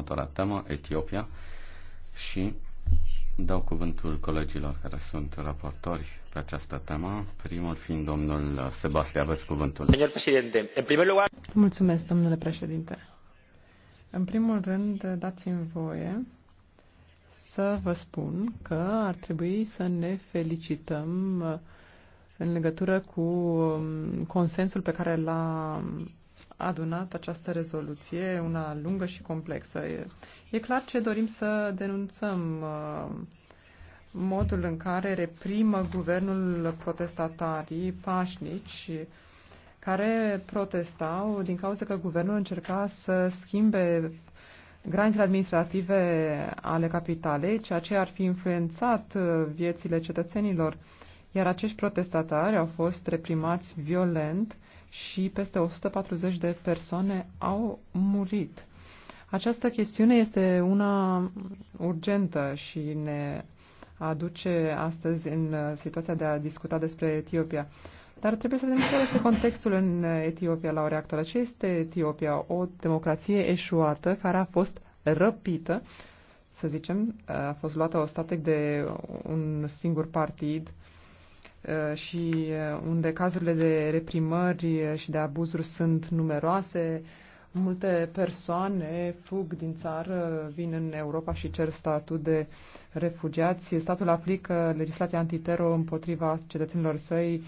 următoarea temă, Etiopia, și dau cuvântul colegilor care sunt raportori pe această temă, primul fiind domnul Sebastian. Aveți cuvântul. Mulțumesc, domnule președinte. În primul rând, dați-mi voie să vă spun că ar trebui să ne felicităm în legătură cu consensul pe care l-a adunat această rezoluție, una lungă și complexă. E, e clar ce dorim să denunțăm uh, modul în care reprimă guvernul protestatarii pașnici care protestau din cauza că guvernul încerca să schimbe granițele administrative ale capitalei, ceea ce ar fi influențat uh, viețile cetățenilor. Iar acești protestatari au fost reprimați violent și peste 140 de persoane au murit. Această chestiune este una urgentă și ne aduce astăzi în situația de a discuta despre Etiopia. Dar trebuie să vedem care este contextul în Etiopia la ora actuală. Ce este Etiopia? O democrație eșuată care a fost răpită, să zicem, a fost luată o de un singur partid, Uh, și uh, unde cazurile de reprimări și de abuzuri sunt numeroase. Multe persoane fug din țară, vin în Europa și cer statut de refugiați. Statul aplică legislația antitero împotriva cetățenilor săi,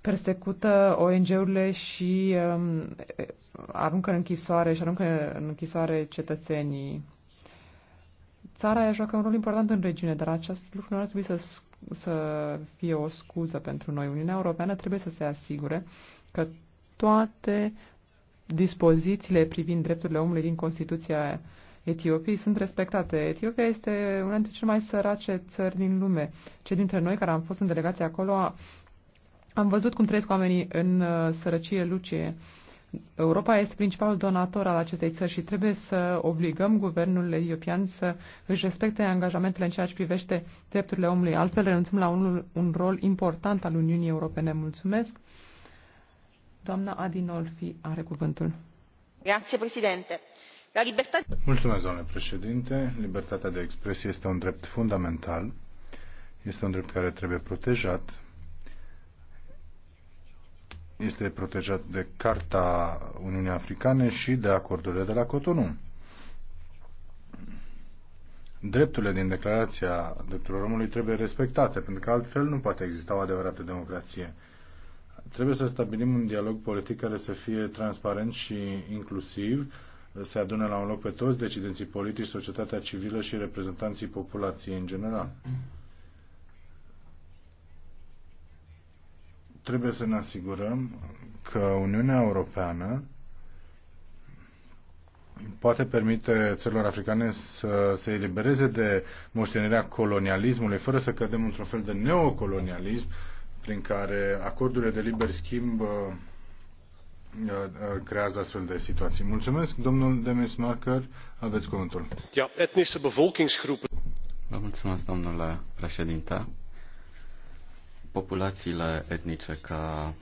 persecută ONG-urile și um, aruncă în închisoare și aruncă în închisoare cetățenii. Țara joacă un rol important în regiune, dar acest lucru nu ar trebui să să fie o scuză pentru noi. Uniunea Europeană trebuie să se asigure că toate dispozițiile privind drepturile omului din Constituția Etiopiei sunt respectate. Etiopia este una dintre cele mai sărace țări din lume. Cei dintre noi care am fost în delegație acolo am văzut cum trăiesc oamenii în uh, sărăcie lucie Europa este principalul donator al acestei țări și trebuie să obligăm guvernul etiopian să își respecte angajamentele în ceea ce privește drepturile omului. Altfel renunțăm la un, un rol important al Uniunii Europene. Mulțumesc. Doamna Adinolfi are cuvântul. Grazie, Presidente. La libertate... Mulțumesc, doamne președinte. Libertatea de expresie este un drept fundamental. Este un drept care trebuie protejat este protejat de Carta Uniunii Africane și de acordurile de la Cotonou. Drepturile din Declarația Drepturilor Omului trebuie respectate, pentru că altfel nu poate exista o adevărată democrație. Trebuie să stabilim un dialog politic care să fie transparent și inclusiv, să adune la un loc pe toți decidenții politici, societatea civilă și reprezentanții populației în general. Mm. trebuie să ne asigurăm că Uniunea Europeană poate permite țărilor africane să se elibereze de moștenirea colonialismului, fără să cădem într-un fel de neocolonialism, prin care acordurile de liber schimb uh, uh, creează astfel de situații. Mulțumesc, domnul Demis Marker, aveți cuvântul. Vă mulțumesc, domnule președinte populațiile etnice ca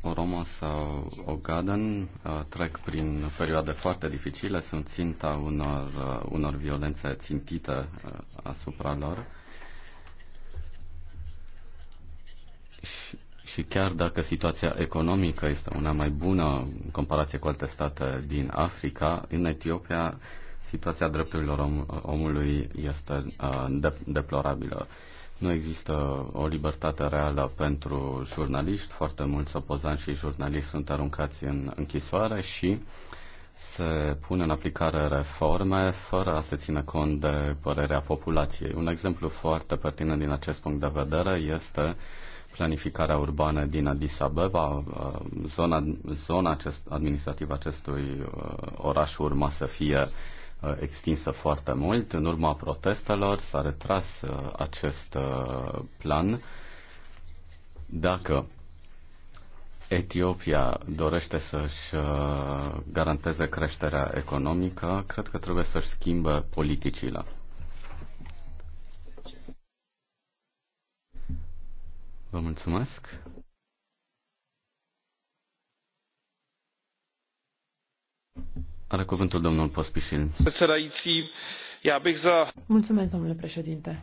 Oromo sau Ogaden uh, trec prin perioade foarte dificile, sunt ținta unor, uh, unor violențe țintite uh, asupra lor. Și, chiar dacă situația economică este una mai bună în comparație cu alte state din Africa, în Etiopia situația drepturilor om, omului este uh, de, deplorabilă. Uh, nu există o libertate reală pentru jurnaliști, foarte mulți opozanți și jurnaliști sunt aruncați în închisoare și se pun în aplicare reforme fără a se ține cont de părerea populației. Un exemplu foarte pertinent din acest punct de vedere este planificarea urbană din Addis Abeba. Zona, zona acest, administrativă acestui uh, oraș urma să fie uh, Uh, extinsă foarte mult. În urma protestelor s-a retras uh, acest uh, plan. Dacă Etiopia dorește să-și garanteze creșterea economică, cred că trebuie să-și schimbe politicile. Vă mulțumesc. Are cuvântul domnul Pospișil. Mulțumesc, domnule președinte.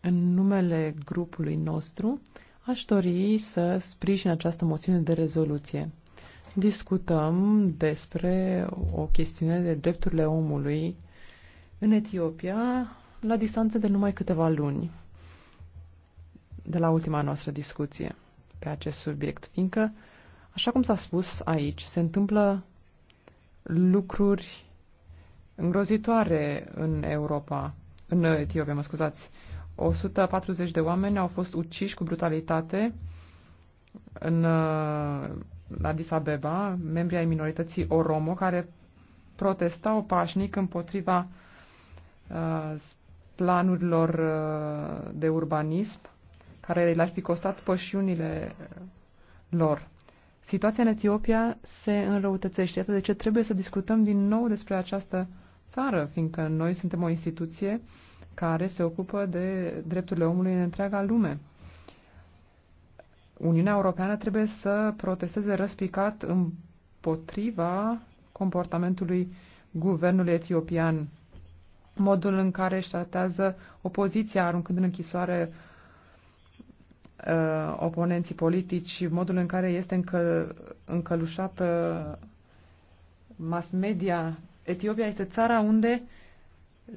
În numele grupului nostru, aș dori să sprijin această moțiune de rezoluție. Discutăm despre o chestiune de drepturile omului în Etiopia la distanță de numai câteva luni de la ultima noastră discuție pe acest subiect, fiindcă, așa cum s-a spus aici, se întâmplă lucruri îngrozitoare în Europa, în Etiopia, mă scuzați. 140 de oameni au fost uciși cu brutalitate în Addis Abeba, membrii ai minorității Oromo, care protestau pașnic împotriva uh, planurilor uh, de urbanism care le-ar fi costat pășiunile uh, lor. Situația în Etiopia se înrăutățește, iată de ce trebuie să discutăm din nou despre această țară, fiindcă noi suntem o instituție care se ocupă de drepturile omului în întreaga lume. Uniunea Europeană trebuie să protesteze răspicat împotriva comportamentului guvernului etiopian, modul în care își tratează opoziția, aruncând în închisoare uh, oponenții politici, modul în care este încă, încălușată mass media. Etiopia este țara unde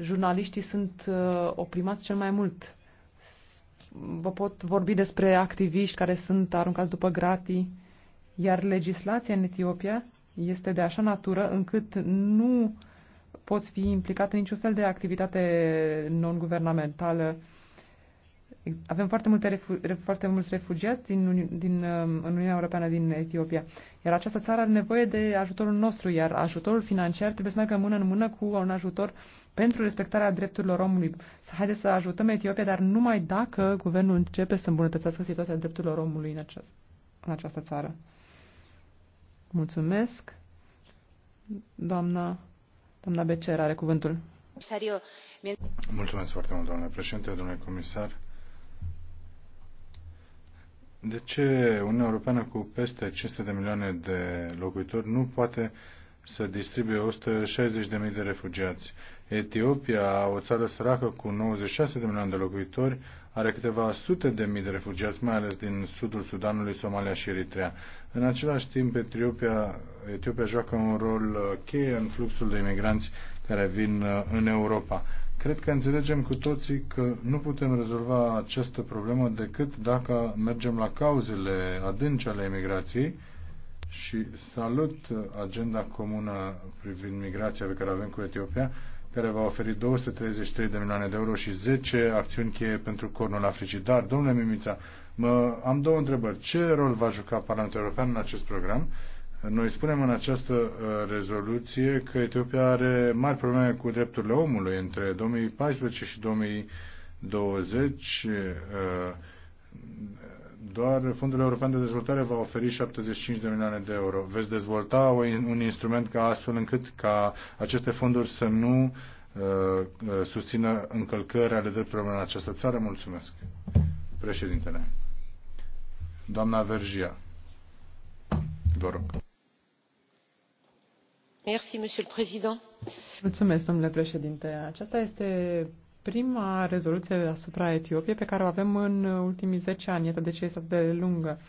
jurnaliștii sunt uh, oprimați cel mai mult. Vă pot vorbi despre activiști care sunt aruncați după gratii, iar legislația în Etiopia este de așa natură încât nu poți fi implicat în niciun fel de activitate non-guvernamentală uh, avem foarte, multe refu, foarte mulți refugiați din, din, um, în Uniunea Europeană din Etiopia. Iar această țară are nevoie de ajutorul nostru, iar ajutorul financiar trebuie să meargă mână în mână cu un ajutor pentru respectarea drepturilor omului. Să haideți să ajutăm Etiopia, dar numai dacă guvernul începe să îmbunătățească situația drepturilor omului în, aceast, în această țară. Mulțumesc. Doamna, doamna Becer are cuvântul. Mulțumesc foarte mult, domnule președinte, domnule comisar. De ce Uniunea Europeană cu peste 500 de milioane de locuitori nu poate să distribuie mii de refugiați? Etiopia, o țară săracă cu 96 de milioane de locuitori, are câteva sute de mii de refugiați, mai ales din sudul Sudanului, Somalia și Eritrea. În același timp, Etiopia, Etiopia joacă un rol uh, cheie în fluxul de imigranți care vin uh, în Europa. Cred că înțelegem cu toții că nu putem rezolva această problemă decât dacă mergem la cauzele adânci ale emigrației și salut agenda comună privind migrația pe care avem cu Etiopia, care va oferi 233 de milioane de euro și 10 acțiuni cheie pentru cornul Africii. Dar, domnule Mimița, mă, am două întrebări. Ce rol va juca Parlamentul European în acest program? Noi spunem în această uh, rezoluție că Etiopia are mari probleme cu drepturile omului între 2014 și 2020. Uh, doar Fondul European de Dezvoltare va oferi 75 de milioane de euro. Veți dezvolta un instrument ca astfel încât ca aceste fonduri să nu uh, susțină încălcări ale drepturilor în această țară. Mulțumesc. Președintele. Doamna Vergia. Vă rog. Mulțumesc, domnule președinte. Aceasta este prima rezoluție asupra Etiopiei pe care o avem în ultimii zece ani. Iată de ce este atât de lungă.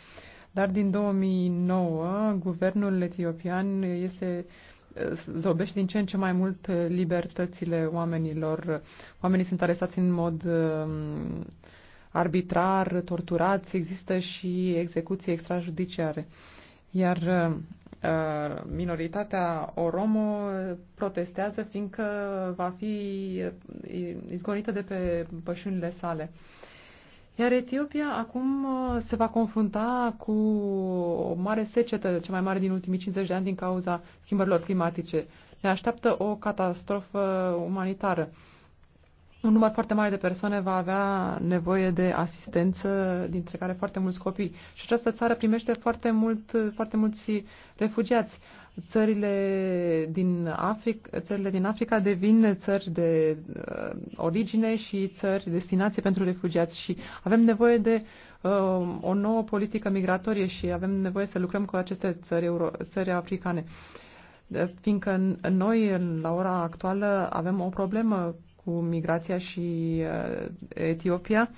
Dar din 2009, guvernul etiopian este zăobește din ce în ce mai mult libertățile oamenilor. Oamenii sunt arestați în mod um, arbitrar, torturați, există și execuții extrajudiciare. Iar um, Uh, minoritatea Oromo protestează fiindcă va fi uh, izgonită de pe pășunile sale. Iar Etiopia acum uh, se va confrunta cu o mare secetă, cea mai mare din ultimii 50 de ani din cauza schimbărilor climatice. Ne așteaptă o catastrofă umanitară un număr foarte mare de persoane va avea nevoie de asistență, dintre care foarte mulți copii. Și această țară primește foarte, mult, foarte mulți refugiați. Țările din, Africa, țările din Africa devin țări de uh, origine și țări destinație pentru refugiați și avem nevoie de uh, o nouă politică migratorie și avem nevoie să lucrăm cu aceste țări, euro, țări africane. Fiindcă noi, la ora actuală, avem o problemă cu migrația și uh, Etiopia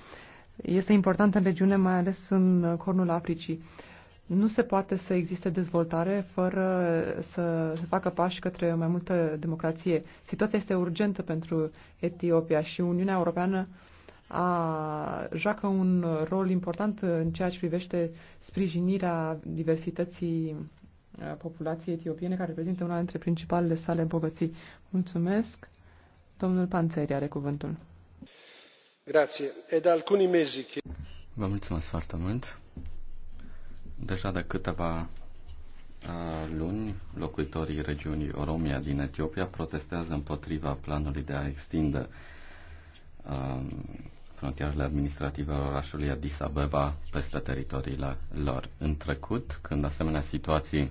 este importantă în regiune, mai ales în cornul Africii. Nu se poate să existe dezvoltare fără să se facă pași către mai multă democrație. Situația este urgentă pentru Etiopia și Uniunea Europeană a, joacă un rol important în ceea ce privește sprijinirea diversității uh, populației etiopiene, care reprezintă una dintre principalele sale bogății. Mulțumesc. Domnul Panzeri, are cuvântul. Grazie. da alcuni mesi che... Vă mulțumesc foarte mult. Deja de câteva uh, luni, locuitorii regiunii Oromia din Etiopia protestează împotriva planului de a extinde um, frontierele administrative ale orașului Addis Abeba peste teritoriile lor. În trecut, când asemenea situații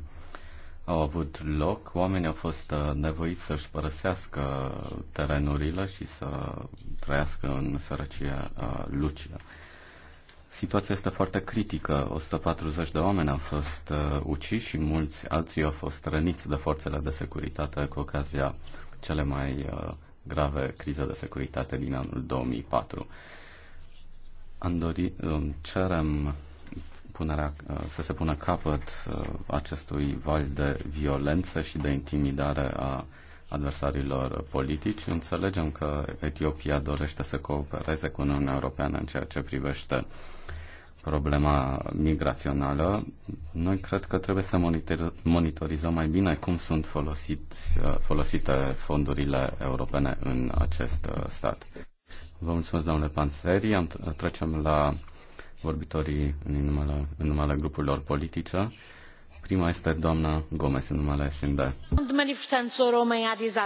au avut loc, oamenii au fost uh, nevoiți să-și părăsească terenurile și să trăiască în sărăcie uh, lucie. Situația este foarte critică. 140 de oameni au fost uh, uciși și mulți alții au fost răniți de forțele de securitate cu ocazia cele mai uh, grave crize de securitate din anul 2004. Am dori, um, cerem punerea, uh, să se pună capăt uh, acestui val de violență și de intimidare a adversarilor politici. Înțelegem că Etiopia dorește să coopereze cu Uniunea Europeană în ceea ce privește problema migrațională. Noi cred că trebuie să monitorizăm mai bine cum sunt folosit, uh, folosite fondurile europene în acest stat. Vă mulțumesc, domnule Panseri. Trecem la vorbitorii în numele, în numele grupurilor politice. Prima este doamna Gomez, în numele SND.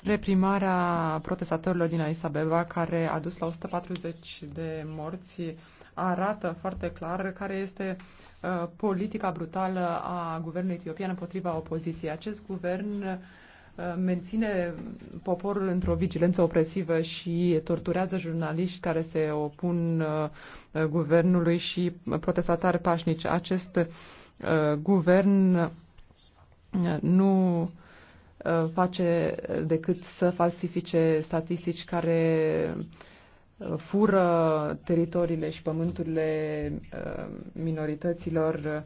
Reprimarea protestatorilor din Addis Abeba, care a dus la 140 de morți, arată foarte clar care este uh, politica brutală a guvernului etiopian împotriva opoziției. Acest guvern uh, menține poporul într-o vigilență opresivă și torturează jurnaliști care se opun uh, guvernului și protestatari pașnici. Acest uh, guvern uh, nu face decât să falsifice statistici care fură teritoriile și pământurile minorităților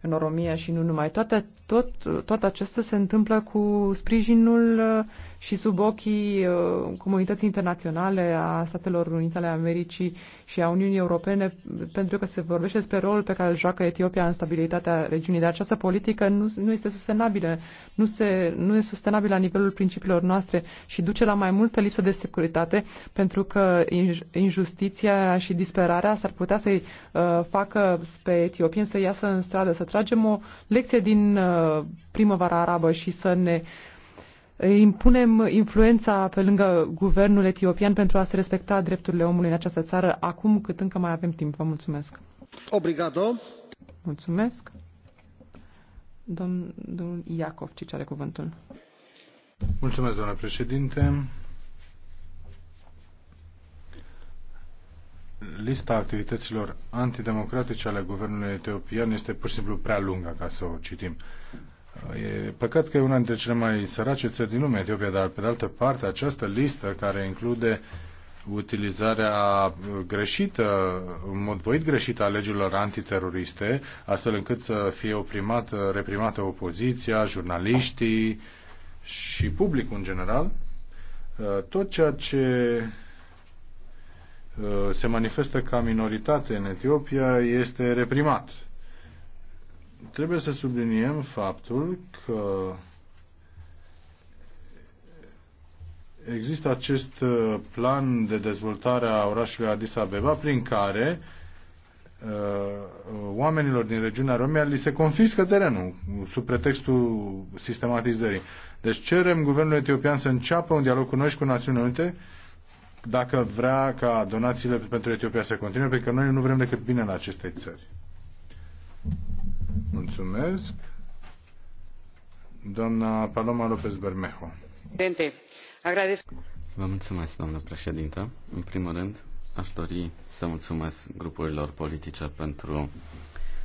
în Oromia și nu numai. Toate, tot, tot acestea se întâmplă cu sprijinul uh, și sub ochii uh, comunității internaționale a Statelor Unite ale Americii și a Uniunii Europene, pentru că se vorbește despre rolul pe care îl joacă Etiopia în stabilitatea regiunii. Dar această politică nu, nu este sustenabilă, nu, se, nu este sustenabilă la nivelul principiilor noastre și duce la mai multă lipsă de securitate, pentru că injustiția și disperarea s-ar putea să-i uh, facă pe etiopieni să iasă în stradă, să tragem o lecție din uh, primăvara arabă și să ne uh, impunem influența pe lângă guvernul etiopian pentru a se respecta drepturile omului în această țară acum cât încă mai avem timp. Vă mulțumesc. Obrigado. Mulțumesc. Domnul Iacov, ce are cuvântul. Mulțumesc, doamnă președinte. lista activităților antidemocratice ale guvernului etiopian este pur și simplu prea lungă ca să o citim. E păcat că e una dintre cele mai sărace țări din lume, Etiopia, dar pe de altă parte această listă care include utilizarea greșită, în mod voit greșită a legilor antiteroriste, astfel încât să fie oprimată, reprimată opoziția, jurnaliștii și publicul în general, tot ceea ce Uh, se manifestă ca minoritate în Etiopia este reprimat. Trebuie să subliniem faptul că există acest uh, plan de dezvoltare a orașului Addis Abeba prin care uh, oamenilor din regiunea Romia li se confiscă terenul sub pretextul sistematizării. Deci cerem guvernul etiopian să înceapă un dialog cu noi și cu Națiunile Unite dacă vrea ca donațiile pentru Etiopia să continue, pentru că noi nu vrem decât bine în aceste țări. Mulțumesc. Doamna Paloma López Bermejo. Vă mulțumesc, doamnă președintă. În primul rând, aș dori să mulțumesc grupurilor politice pentru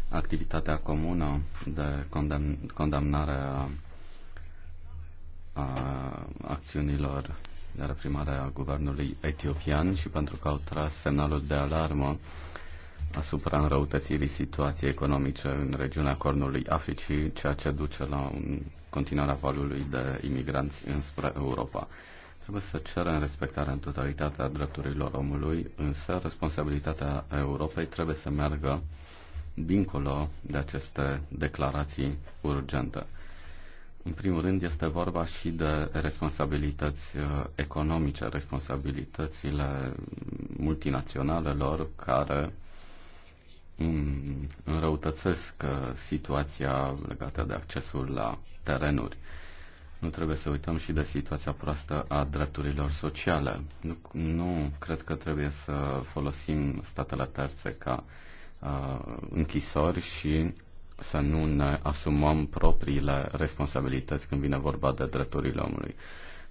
activitatea comună de condamn- condamnare a, a acțiunilor reprimarea guvernului etiopian și pentru că au tras semnalul de alarmă asupra înrăutățirii situației economice în regiunea Cornului Africii, ceea ce duce la un continuare valului de imigranți înspre Europa. Trebuie să cerem respectarea în totalitate a drepturilor omului, însă responsabilitatea Europei trebuie să meargă dincolo de aceste declarații urgente. În primul rând este vorba și de responsabilități uh, economice, responsabilitățile multinaționalelor care um, înrăutățesc uh, situația legată de accesul la terenuri. Nu trebuie să uităm și de situația proastă a drepturilor sociale. Nu, nu cred că trebuie să folosim statele terțe ca uh, închisori și să nu ne asumăm propriile responsabilități când vine vorba de drepturile omului.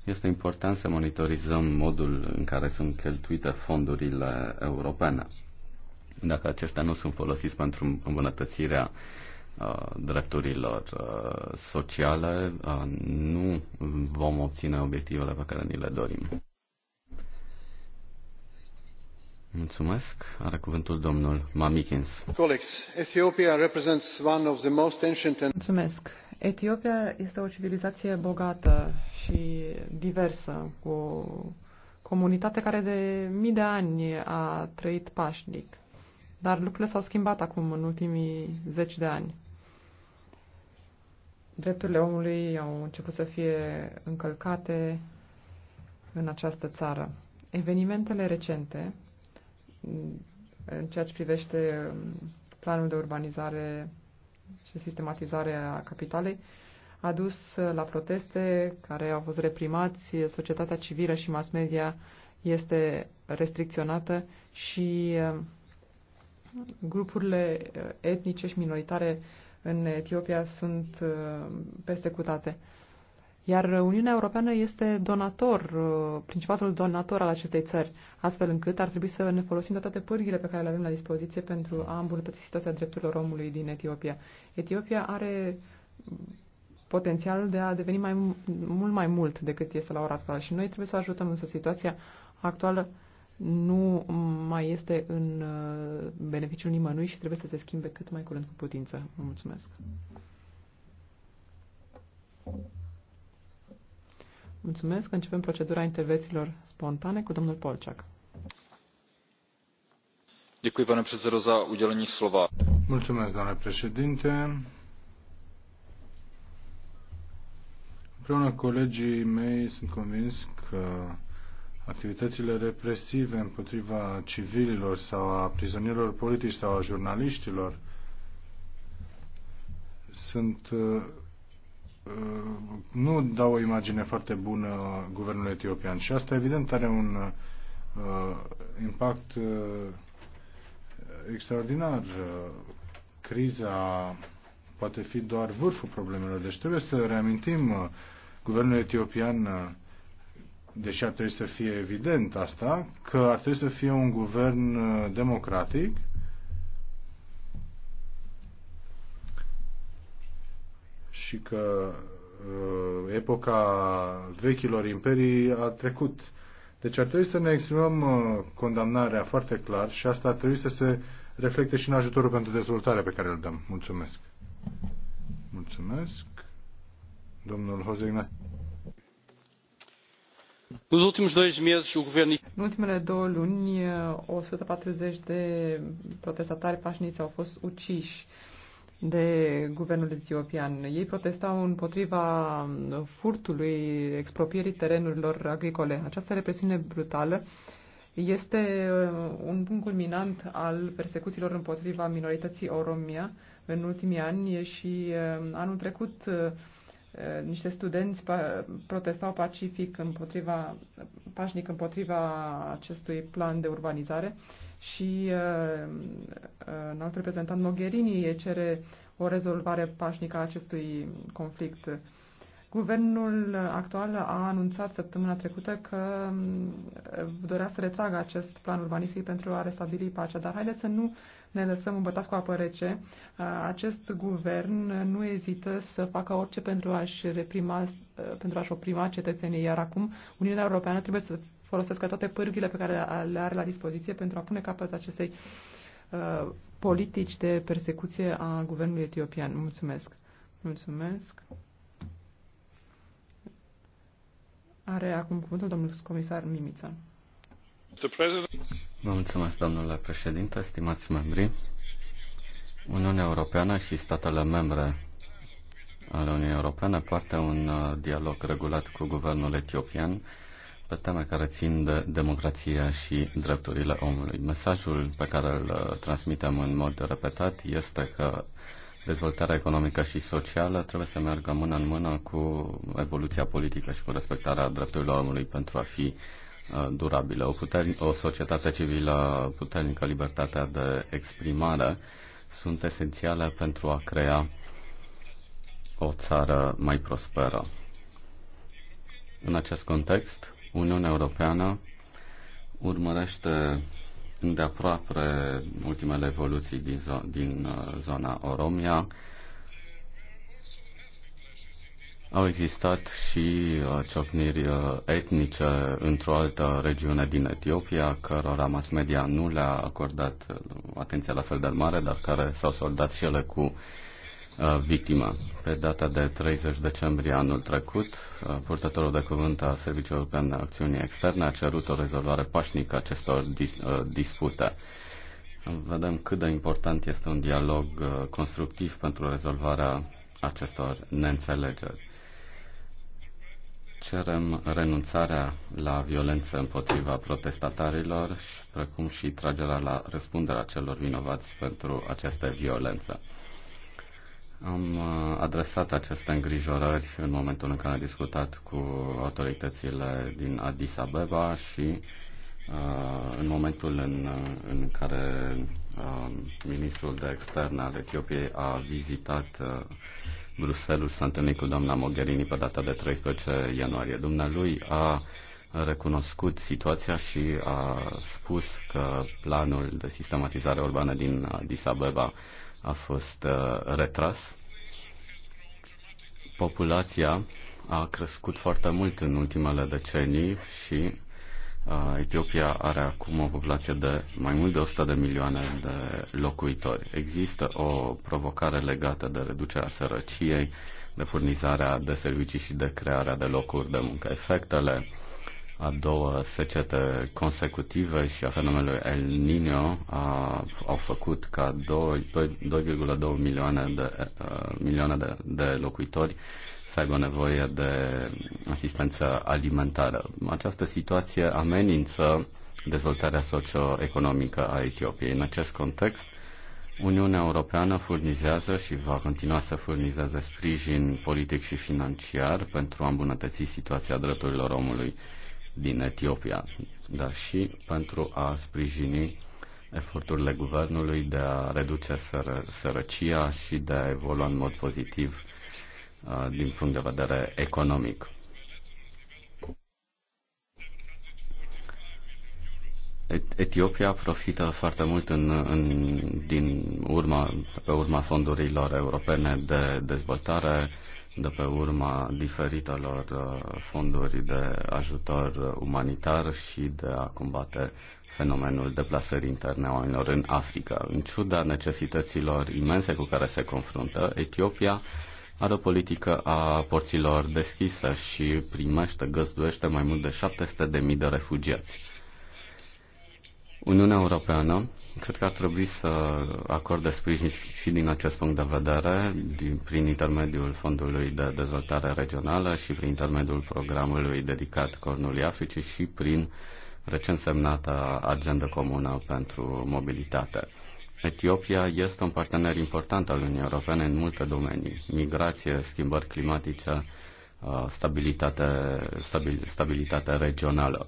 Este important să monitorizăm modul în care sunt cheltuite fondurile europene. Dacă aceștia nu sunt folosiți pentru îmbunătățirea uh, drepturilor uh, sociale, uh, nu vom obține obiectivele pe care ni le dorim. Mulțumesc. Are cuvântul domnul Mamikins. Mulțumesc. Etiopia este o civilizație bogată și diversă, cu o comunitate care de mii de ani a trăit pașnic. Dar lucrurile s-au schimbat acum, în ultimii zeci de ani. Drepturile omului au început să fie încălcate în această țară. Evenimentele recente în ceea ce privește um, planul de urbanizare și sistematizare a capitalei, a dus la proteste care au fost reprimați, societatea civilă și mass media este restricționată și um, grupurile uh, etnice și minoritare în Etiopia sunt uh, persecutate. Iar Uniunea Europeană este donator, principalul donator al acestei țări, astfel încât ar trebui să ne folosim de toate pârghile pe care le avem la dispoziție pentru a îmbunătăți situația drepturilor omului din Etiopia. Etiopia are potențialul de a deveni mai, mult mai mult decât este la ora actuală și noi trebuie să ajutăm, însă situația actuală nu mai este în uh, beneficiul nimănui și trebuie să se schimbe cât mai curând cu putință. Mulțumesc! Mulțumesc. Începem procedura intervențiilor spontane cu domnul Polciac. Děkuji, pane předsedo, za udělení slova. Mulțumesc, doamne președinte. Împreună colegii mei sunt convins că activitățile represive împotriva civililor sau a prizonierilor politici sau a jurnaliștilor sunt uh, nu dau o imagine foarte bună guvernului etiopian și asta evident are un uh, impact uh, extraordinar. Criza poate fi doar vârful problemelor, deci trebuie să reamintim uh, guvernul etiopian, uh, deși ar trebui să fie evident asta, că ar trebui să fie un guvern uh, democratic și că uh, epoca vechilor imperii a trecut. Deci ar trebui să ne exprimăm uh, condamnarea foarte clar și asta ar trebui să se reflecte și în ajutorul pentru dezvoltare pe care îl dăm. Mulțumesc. Mulțumesc. Domnul Hozegna. o În ultimele două luni, 140 uh, de protestatari pașniți au fost uciși de guvernul etiopian. Ei protestau împotriva furtului, expropierii terenurilor agricole. Această represiune brutală este uh, un punct culminant al persecuțiilor împotriva minorității Oromia în ultimii ani și uh, anul trecut uh, niște studenți protestau pacific împotriva, pașnic împotriva acestui plan de urbanizare și uh, un uh, alt reprezentant Mogherini cere o rezolvare pașnică a acestui conflict. Guvernul actual a anunțat săptămâna trecută că uh, dorea să retragă acest plan urbanistic pentru a restabili pacea, dar haideți să nu ne lăsăm îmbătați cu apă rece. Uh, acest guvern nu ezită să facă orice pentru a-și reprima, pentru a-și oprima cetățenii, iar acum Uniunea Europeană trebuie să folosească toate pârghile pe care le are la dispoziție pentru a pune capăt acestei uh, politici de persecuție a guvernului etiopian. Mulțumesc. Mulțumesc. Are acum cuvântul domnul comisar Mimița. Vă mulțumesc, domnule președinte, stimați membri. Uniunea Europeană și statele membre ale Uniunii Europene poartă un uh, dialog regulat cu guvernul etiopian pe teme care țin de democrația și drepturile omului. Mesajul pe care îl uh, transmitem în mod repetat este că dezvoltarea economică și socială trebuie să meargă mână în mână cu evoluția politică și cu respectarea drepturilor omului pentru a fi uh, durabilă. O, puterni, o societate civilă puternică, libertatea de exprimare sunt esențiale pentru a crea o țară mai prosperă. În acest context, Uniunea Europeană urmărește îndeaproape ultimele evoluții din, zo- din uh, zona Oromia. Au existat și uh, ciocniri uh, etnice într-o altă regiune din Etiopia, cărora mass media nu le-a acordat atenția la fel de mare, dar care s-au soldat și ele cu Uh, victimă. Pe data de 30 decembrie anul trecut, uh, purtătorul de cuvânt a Serviciului European de Acțiune Externe a cerut o rezolvare pașnică acestor dis- uh, dispute. Vedem cât de important este un dialog constructiv pentru rezolvarea acestor neînțelegeri. Cerem renunțarea la violență împotriva protestatarilor, și precum și tragerea la răspunderea celor vinovați pentru aceste violență. Am uh, adresat aceste îngrijorări în momentul în care am discutat cu autoritățile din Addis Abeba și uh, în momentul în, uh, în care ministrul de externe al Etiopiei a vizitat Bruxelles, s-a întâlnit cu doamna Mogherini pe data de 13 ianuarie. Dumnealui a recunoscut situația și a spus că planul de sistematizare urbană din Addis Abeba a fost uh, retras. Populația a crescut foarte mult în ultimele decenii și uh, Etiopia are acum o populație de mai mult de 100 de milioane de locuitori. Există o provocare legată de reducerea sărăciei, de furnizarea de servicii și de crearea de locuri de muncă. Efectele uh, a doua secetă consecutive și a fenomenului El Nino a, au făcut ca 2,2 milioane de, uh, milioane de, de locuitori să aibă nevoie de asistență alimentară. Această situație amenință dezvoltarea socioeconomică a Etiopiei. În acest context, Uniunea Europeană furnizează și va continua să furnizeze sprijin politic și financiar pentru a îmbunătăți situația drepturilor omului din Etiopia, dar și pentru a sprijini eforturile guvernului de a reduce sără, sărăcia și de a evolua în mod pozitiv uh, din punct de vedere economic. Etiopia profită foarte mult în, în, din urma, pe urma fondurilor europene de dezvoltare, de pe urma diferitelor uh, fonduri de ajutor umanitar și de a combate fenomenul deplasării interne a oamenilor în Africa. În ciuda necesităților imense cu care se confruntă, Etiopia are o politică a porților deschise și primește, găzduiește mai mult de 700.000 de refugiați. Uniunea Europeană cred că ar trebui să acorde sprijin și din acest punct de vedere, din, prin intermediul Fondului de Dezvoltare Regională și prin intermediul programului dedicat Cornului Africii și prin recent semnată Agenda Comună pentru Mobilitate. Etiopia este un partener important al Uniunii Europene în multe domenii. Migrație, schimbări climatice, uh, stabilitate, stabil, stabilitate regională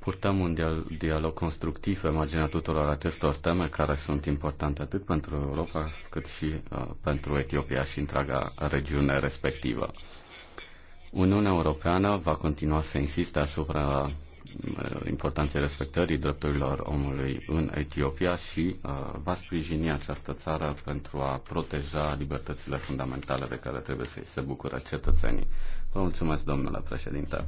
purtăm un dialog constructiv pe marginea tuturor acestor teme care sunt importante atât pentru Europa cât și uh, pentru Etiopia și întreaga regiune respectivă. Uniunea Europeană va continua să insiste asupra uh, importanței respectării drepturilor omului în Etiopia și uh, va sprijini această țară pentru a proteja libertățile fundamentale de care trebuie să se bucure cetățenii. Vă mulțumesc, domnule președinte.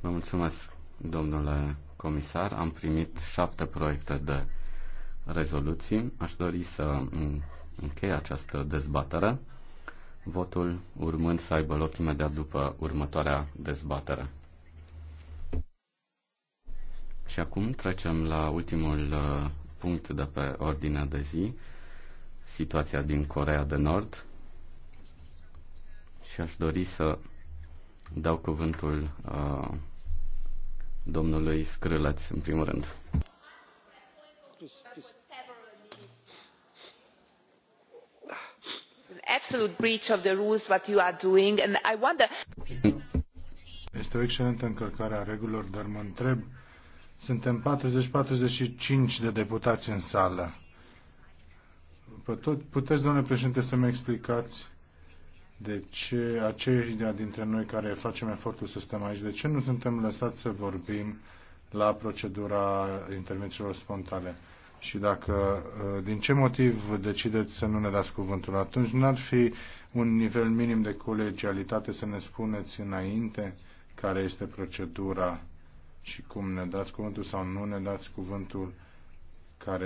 Vă mulțumesc, domnule comisar. Am primit șapte proiecte de rezoluții. Aș dori să închei această dezbatere, votul urmând să aibă loc imediat după următoarea dezbatere. Și acum trecem la ultimul uh, punct de pe ordinea de zi, situația din Corea de Nord. Și aș dori să dau cuvântul uh, domnului Scrileț, în primul rând. absolute breach of the rules what you are doing and I wonder Este o excelentă încălcare a regulilor, dar mă întreb suntem 40-45 de deputați în sală. Puteți, domnule președinte, să-mi explicați de ce aceia dintre noi care facem efortul să stăm aici, de ce nu suntem lăsați să vorbim la procedura intervențiilor spontane? Și dacă uh, din ce motiv decideți să nu ne dați cuvântul, atunci n-ar fi un nivel minim de colegialitate să ne spuneți înainte care este procedura și cum ne dați cuvântul sau nu ne dați cuvântul care